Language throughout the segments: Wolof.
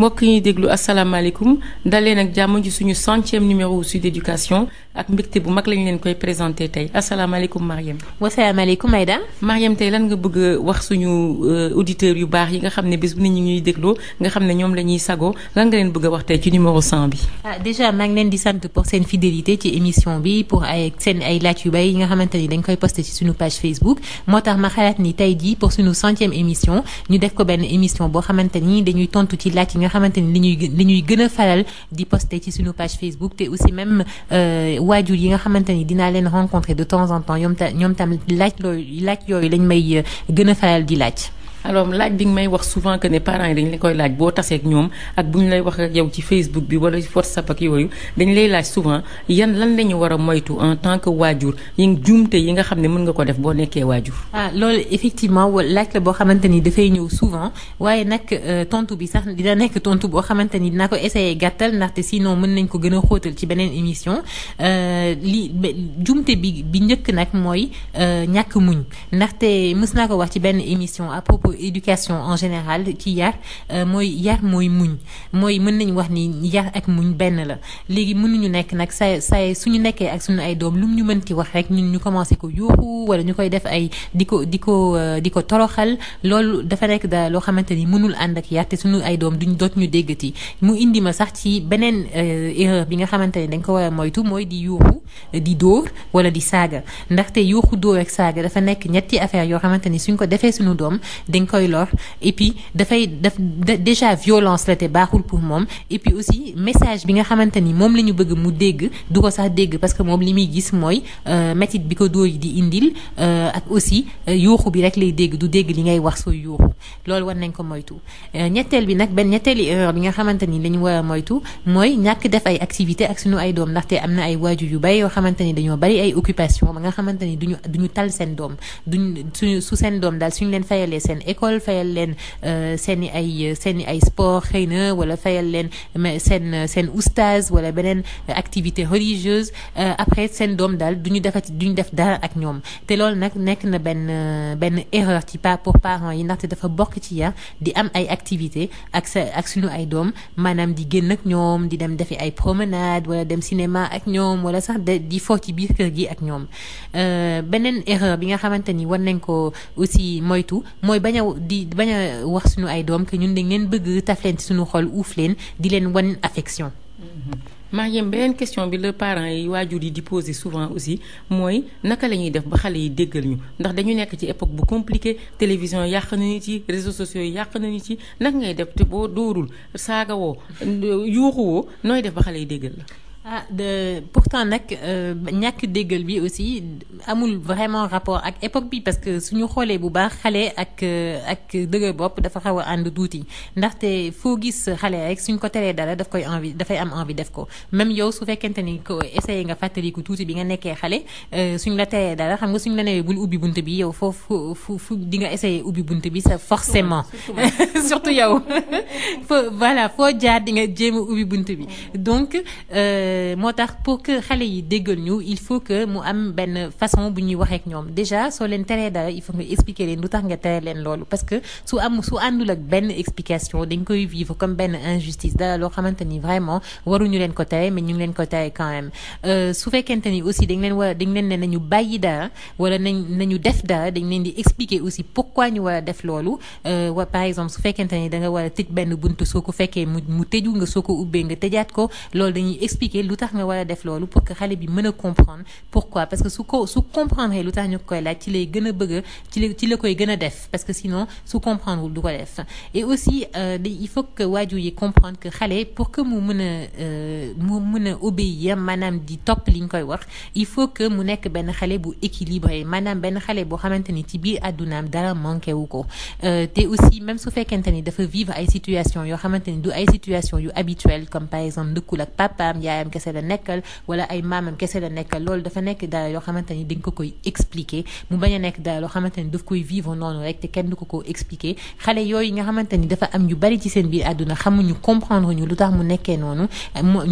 mbokk yi ñuy déglu asalaamaaleykum daleen nag jàmm ji suñu centième numéro Sud Éducation ak mbégte bu mag lañ leen koy présenté tey asalaamaaleykum Mariam. wasalaamaaleykum Aïda. Mariam tey lan nga bëgg a wax suñu euh, auditeurs yu baax yi nga xam ne bés bu nit ñi ñuy dégloo nga xam ne ñoom la ñuy sagoo lan nga leen bëgg a wax tey ci numéro 100 bi. ah déjà maa leen di sant pour seen fidélité ci émission bi pour ay seen ay laaj yu bay yi nga xamante ni dañ koy posté ci suñu page Facebook moo tax ma xalaat ni tey jii pour suñu centième émission ñu def ko benn émission boo xamante ni dañuy tontu ci laaj yi nga xamante ni li ñuy li ñuy gën a faral di ci suñu page Facebook te aussi même. Euh, waajur yi nga xamante ni dinaa leen rencontrer de temps en temps ñoom tam ñoom tam laaj looyu laaj yooyu lañ may euh, gën a faral di laaj alors laaj bi nga may wax souvent que ne parents yi la koy laaj boo tasee ak bu ñu lay wax ak yow ci Facebook bi wala WhatsApp ak yooyu dañ lay laaj souvent yan lan la ñu war a moytu en tant que waajur yi yi nga xam ne mën nga ko def boo nekkee waajur. ah effectivement laaj la boo xamante ni dafay ñëw souvent waaye nag euh, tontu bi sax dina nekk tontu boo xamante ni dina ko essayer gàttal ndaxte sinon mën nañ ko gën a xóotal ci beneen émission euh, li juumte bi bi njëkk nag mooy euh, ñàkk muñ ndaxte mës naa ko wax ci benn émission à propos éducation en général ci yar euh, mooy yar mooy muñ mooy mën nañu wax ni yar ak muñ benn la léegi mënuñu nekk nag say say suñu nekkee ak suñu ay doom lu mu ñu mënti wax rek ñun ñu commencé ko yuuxu wala ñu koy def ay di ko di ko euh, di ko toroxal loolu dafa nekk da loo xamante ni mënul ànd ak yar te suñu ay doom duñ doot ñu déggati mu indi ma sax ci beneen euh, erreur bi nga xamante ni dañ ko war a moytu mooy di yuuxu di dóor wala di saaga ndaxte yuuxu dóor ak saaga dafa nekk ñetti affaire yoo xamante ni suñ ko defee suñu doom dañ koy lor et puis dafay daf déjà violence la te baaxul pour moom et aussi message bi nga xamante ni moom la ñu bëgg mu dégg du ko sax dégg parce que moom li muy gis mooy euh, métit bi ko dóor yi di indil euh, ak aussi euh, yuuxu bi rek lay dégg du dégg li ngay wax sooy yuuxu loolu war nañ ko moytu ñetteel bi nag benn ñetteeli erreur bi nga xamante ni dañu war a moytu mooy ñàkk def ay activité ak suñu ay doom ndaxte am na ay waajur yu bari yoo xamante ni dañoo bari ay occupation ba nga xamante ni duñu duñu tal seen doom école fayal leen euh, seen i ay seen i ay sport xëy na wala fayal leen seen seen oustaz wala beneen activité religieuse euh, après seen doom daal du ñu ci du ñu def dara ak ñoom te loolu nag nekk na benn benn erreur ci pas pour parents yi ndaxte dafa bokk ci yar di am ay activité ak sa ak ay doom maanaam di génn ak ñoom di dem defi ay promenade wala dem cinéma ak ñoom wala sax di fo ci biir kër gi ak ñoom euh, beneen erreur bi nga xamante ni war nañ ko aussi moytu mooy bañ a di bañ a wax suñu ay doom que ñun dañ leen bëgg taf leen ci suñu xol uuf leen di leen wan affection. Mhm. Mariem beneen question bi la parent yi waajur yi di poser souvent aussi mooy naka la ñuy def ba xale yi déggal ñu ndax dañu nekk ci époque bu compliqué télévision yàq nañu ci réseaux sociaux yi yàq nañu ci naka ngay def te boo doorul saaga woo yuuxu woo nooy def ba xale yi déggal la. ah de pourtant nag euh, ñàkk déggal bi aussi amul vraiment rapport ak époque bi parce que su ñu xoolee bu baax xale ak euh, ak dëgër bopp dafa xaw a ànd tuuti ndaxte foo gis xale rek suñ ko teree dara daf koy envie dafay am envi def ko même yow su fekkente ni ko essayé nga fàttaliku tuuti bi nga nekkee xale euh, suñ la teree dara xam nga suñ la newee bul ubbi bunt bi yow foofu fu fu di nga essayé ubbi bunt bi sa forcément surtout yow foo voilà foo jaar di nga bunt bi moo tax pour que xale yi déggal ñu il faut que mu am benn façon bu ñuy waxee ñoom déjà soo leen teree dara il faut nga expliquer leen lu tax nga tere leen loolu parce que su am su àndul ak benn explication dañ koy vivre comme benn injustice dara loo xamante ni vraiment waruñu leen ko tere ñu ngi ko tere quand même euh, su fekkente ni aussi dañ leen war dañ leen ne nañu bàyyi dara wala nañ nañu def dara dañ leen di expliquer aussi pourquoi ñu war a def loolu euh, wa par exemple su fekkente ni da nga war a tëj benn bunt soo ko fekkee mu mu tëju nga soo ko ubbee nga tëjaat ko loolu dañuy expliquer expliquer lu tax nga war a def loolu pour que xale bi mën a comprendre pourquoi parce que su ko su comprendre lu tax ñu koy laaj ci lay gën a ci la koy gën a def parce que sinon su comprendre wul du ko def et aussi euh, il faut que yi comprendre xale pour que mu mën a euh, mu mën a obéir maanaam di topp li ñu koy wax il faut que mu nekk benn xale bu équilibré maanaam benn xale boo xamante ni ci biir àddunaam dara manqué wu ko euh, te aussi même su fekkente ni dafa vivre ay situation yoo xamante ni du ay situation yu habituelle comme par exemple dëkkul ak kese la nekkal wala ay maamam kese la nekkal loolu dafa nekk daal yoo xamante ni dañ ko koy expliquer mu bañ a nekk daal loo xamante ni daf koy vivre noonu rek te kenn du ko ko expliquer xale yooyu nga xamante ni dafa am ñu bari ci seen biir àdduna xamuñu comprendre ñu lu tax mu nekkee noonu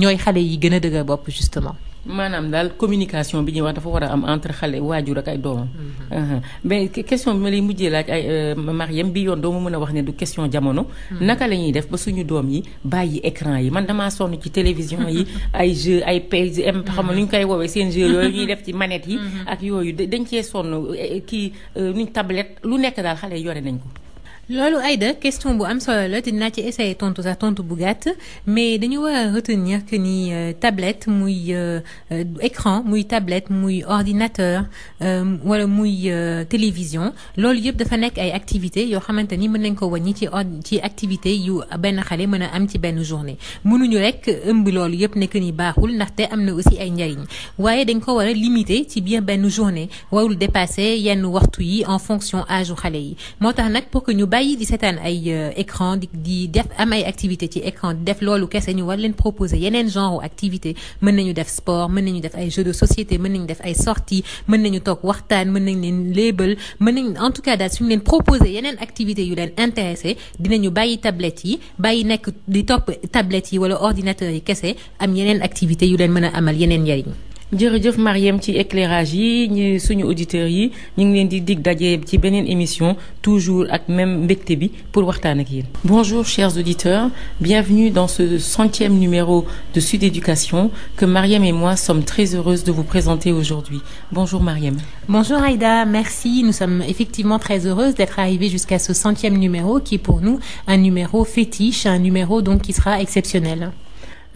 ñooy xale yi gën a dëgër bopp justement maanaam daal communication bi ñuy wax dafa war a am entre xale waajur ak ay doomam. Mm-hmm. Uh-huh. mais question bi ma lay mujjee laaj ay euh, Mariam bi yoon doo ma mën a wax ne du question jamono. Mm-hmm. naka la ñuy def ba suñu doom yi bàyyi écran yi man damaa sonn ci télévision yi. ay jeux ay pays m mm-hmm. xam nu ñu koy woowee seen jeux yooyu ñuy def ci manette yi. ak yooyu dañ cee sonn eh, eh, kii euh, nuñ tablette lu nekk daal xale yore nañ ko. loolu ay Aïda question bu am solo la dinaa ci essayer tontu sax tontu bu gàtt mais dañu war a retenir que ni euh, tablette muy euh, euh, écran muy tablet muy ordinateur wala muy télévision loolu yëpp dafa nekk ay activités yoo xamante ni mën nañ ko wàññi ci ci activité yu benn xale mën a am ci benn journée mënuñu rek ëmb loolu yëpp nekk ni baaxul ndaxte am na aussi ay njariñ waaye dañ ko war a limiter ci biir benn journée warul dépasser yenn waxtu yi en fonction âge xale yi moo tax pour que ñu bàyyi di seetaan ay euh, écran di def am ay activité ci écran def loolu kese ñu war leen proposer yeneen genre activité mën nañu def sport mën nañu def ay jeux de société mën nañu def ay sorti mën nañu toog waxtaan mën nañ leen label mën nañ en tout cas daal suñu leen proposer yeneen activité yu leen intéressé dinañu bàyyi tablettes yi bàyyi nekk di topp tablettes yi wala ordinateurs yi kese am yeneen activité yu leen mën a amal yeneen njariñ jërëjëf Mariem ci éclairage yi ñi suñu auditeurs yi ñu ngi leen di dig daje ci beneen émission toujours ak même mbégte bi pour waxtaan ak yéen. Bonjour chers auditeurs, bienvenue dans ce centième numéro de Sud Éducation que Mariem et moi sommes très heureuses de vous présenter aujourd'hui. Bonjour Mariem. Bonjour Aïda, merci. Nous sommes effectivement très heureuses d'être arrivées jusqu'à ce centième numéro qui est pour nous un numéro fétiche, un numéro donc qui sera exceptionnel.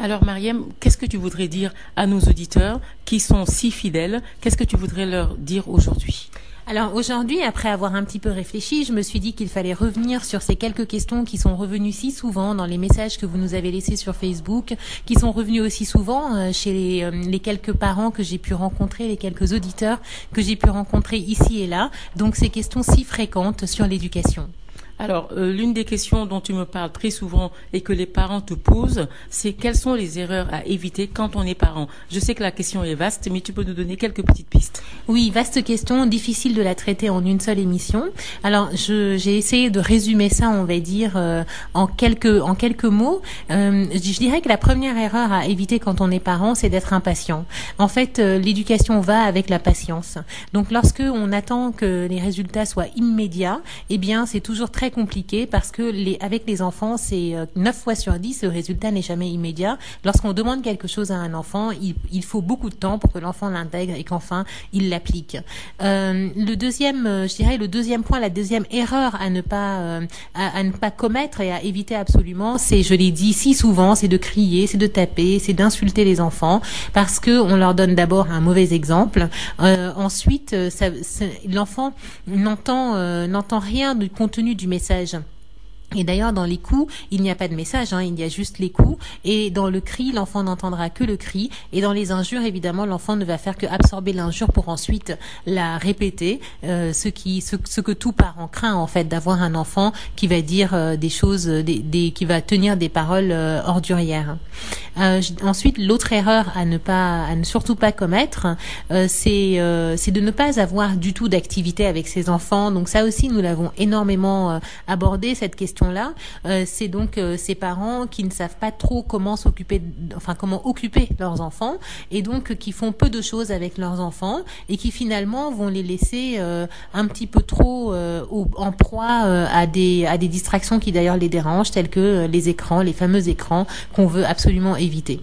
Alors Mariam, qu'est-ce que tu voudrais dire à nos auditeurs qui sont si fidèles Qu'est-ce que tu voudrais leur dire aujourd'hui alors aujourd'hui, après avoir un petit peu réfléchi, je me suis dit qu'il fallait revenir sur ces quelques questions qui sont revenues si souvent dans les messages que vous nous avez laissés sur Facebook, qui sont revenus aussi souvent euh, chez euh, les, quelques parents que j'ai pu rencontrer, les quelques auditeurs que j'ai pu rencontrer ici et là. Donc Alors, euh, l'une des questions dont tu me parles très souvent et que les parents te posent, c'est quelles sont les erreurs à éviter quand on est parent Je sais que la question est vaste, mais tu peux nous donner quelques petites pistes. Oui, vaste question, difficile de la traiter en une seule émission. Alors, j'ai essayé de résumer ça, on va dire, euh, en, quelques, mots. Euh, je, dirais que la première erreur à éviter quand on est parent, c'est d'être impatient. En fait, euh, l'éducation va très compliqué parce que les, avec les enfants, c'est euh, fois sur 10, le résultat n'est jamais immédiat. Lorsqu'on demande quelque chose à un enfant, il, faut beaucoup de temps pour que l'enfant l'intègre et qu'enfin il l'applique. Euh, le deuxième, euh, je dirais, la deuxième erreur euh, à ne pas, commettre et à éviter absolument, c'est, je l'ai dit si souvent, c'est de crier, c'est de d'insulter les enfants parce que on leur donne d'abord un mauvais exemple. ensuite, l'enfant n'entend rien du contenu message. Et d'ailleurs, dans les coups, il n'y a pas de message, hein, il y a juste les coups. Et dans le cri, l'enfant n'entendra que le cri. Et dans les injures, évidemment, l'enfant ne va faire que l'injure pour ensuite la répéter. Euh, ce, que tout parent craint, en fait, d'avoir un enfant qui va euh, euh, tenir des paroles euh, ordurières. ensuite, l'autre erreur à ne surtout pas commettre, c'est de ne pas avoir du tout d'activité avec ses enfants. Donc ça aussi, nous l'avons énormément question-là, euh, c'est donc euh, ces parents qui ne savent pas trop comment occuper leurs enfants, et donc euh, qui font peu de choses avec leurs enfants et qui finalement vont les laisser euh, un petit peu trop euh, en proie à des distractions qui d'ailleurs les dérangent, telles que les écrans, les fameux écrans qu'on veut absolument éviter.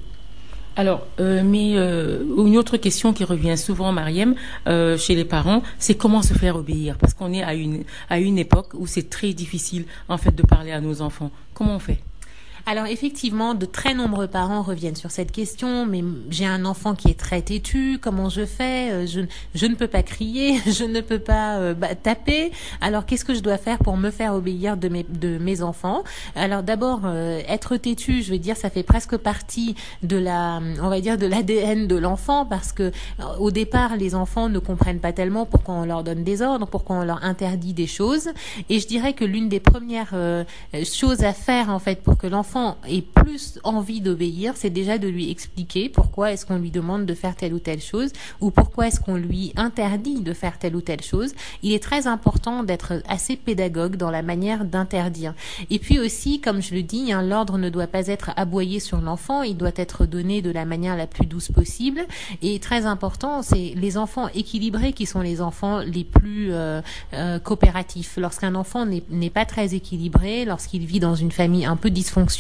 Alors, euh, mais euh, une autre question qui revient souvent, Mariem, euh, chez les parents, c'est comment se faire obéir Parce qu'on est à une, à une époque où c'est très difficile, en fait, de parler à nos enfants. Comment on fait Alors effectivement, de très nombreux parents reviennent sur cette question, mais j'ai un enfant qui est très têtu, comment je fais euh, je, je, ne peux pas crier, je ne peux pas euh, bah, taper, alors qu'est-ce que je dois faire pour me faire obéir de mes, de mes enfants Alors d'abord, euh, être têtu, je veux dire, ça fait presque partie de la, on va dire, de l'ADN de l'enfant, parce que euh, au départ, les enfants ne comprennent pas tellement pourquoi on leur donne des ordres, pourquoi on leur interdit des choses, et je dirais que l'une des premières euh, choses à faire en fait pour que l'enfant l'enfant ait plus envie d'obéir, c'est déjà de lui expliquer pourquoi est-ce qu'on lui demande de faire telle ou telle chose ou pourquoi est-ce qu'on lui interdit de faire telle ou telle chose. Il est très important d'être assez pédagogue dans la manière d'interdire. Et puis aussi, comme je le dis, l'ordre ne doit pas être aboyé sur l'enfant, il doit être donné de la manière la plus douce possible. Et très important, c'est les enfants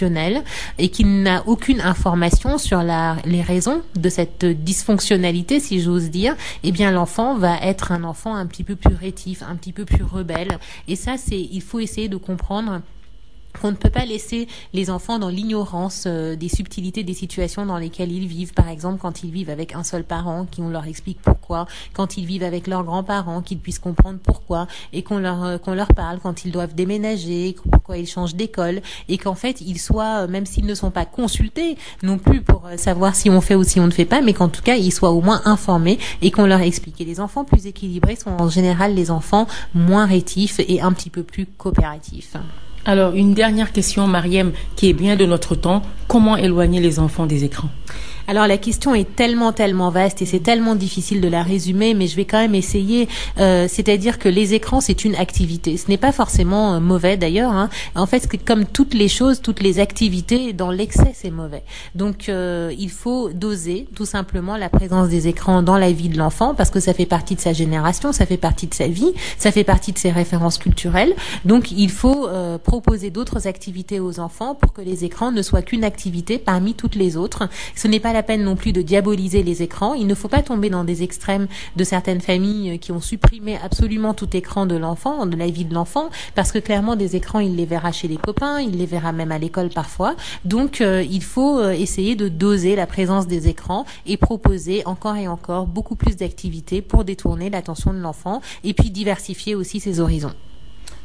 fonctionnelle et qui n'a aucune information sur les raisons de cette dysfonctionnalité, si j'ose dire, eh bien l'enfant va être un enfant un petit peu plus rétif, un petit peu plus rebelle. Et ça, c'est il faut essayer de comprendre on ne peut pas laisser les enfants dans l'ignorance euh, des subtilités des situations dans lesquelles ils vivent. Par exemple, quand ils vivent avec un seul parent, qui on leur explique pourquoi. Quand ils vivent avec leurs grands-parents, qu'ils puissent comprendre pourquoi et qu'on leur euh, parle quand ils doivent déménager, pourquoi ils changent d'école et qu'en fait ils soient, euh, même s'ils ne sont pas consultés non plus pour savoir si on fait ou si on ne fait pas, mais qu'en tout cas ils soient au moins Alors, une dernière question, Mariem, qui est bien de notre temps. comment éloigner les enfants des écrans alors la question est tellement tellement vaste et c'est tellement difficile de la résumer, mais je vais quand même essayer. Euh, c'est-à-dire que les écrans, c'est une activité. Ce n'est pas forcément euh, mauvais d'ailleurs. En fait, comme toutes les choses, toutes les activités, dans l'excès, c'est mauvais. Euh, il faut doser tout simplement la présence des écrans dans la vie de l'enfant parce que ça fait partie de sa génération, activité parmi toutes les autres. Ce n'est pas la peine non plus de diaboliser les écrans. Il ne faut pas tomber dans des extrêmes de certaines familles euh, qui ont supprimé absolument tout écran de l'enfant, de la vie de l'enfant, parce que clairement des écrans, il les verra chez les copains, il les verra même à l'école parfois. Euh, il faut euh, essayer de doser la présence des écrans et proposer encore et encore beaucoup plus d'activités pour détourner l'attention de l'enfant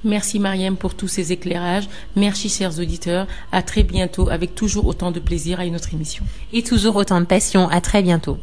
Merci Mariam pour tous ces éclairages. Merci chers auditeurs. À très bientôt avec toujours autant de plaisir à une autre émission. Et toujours autant de passion. À très bientôt.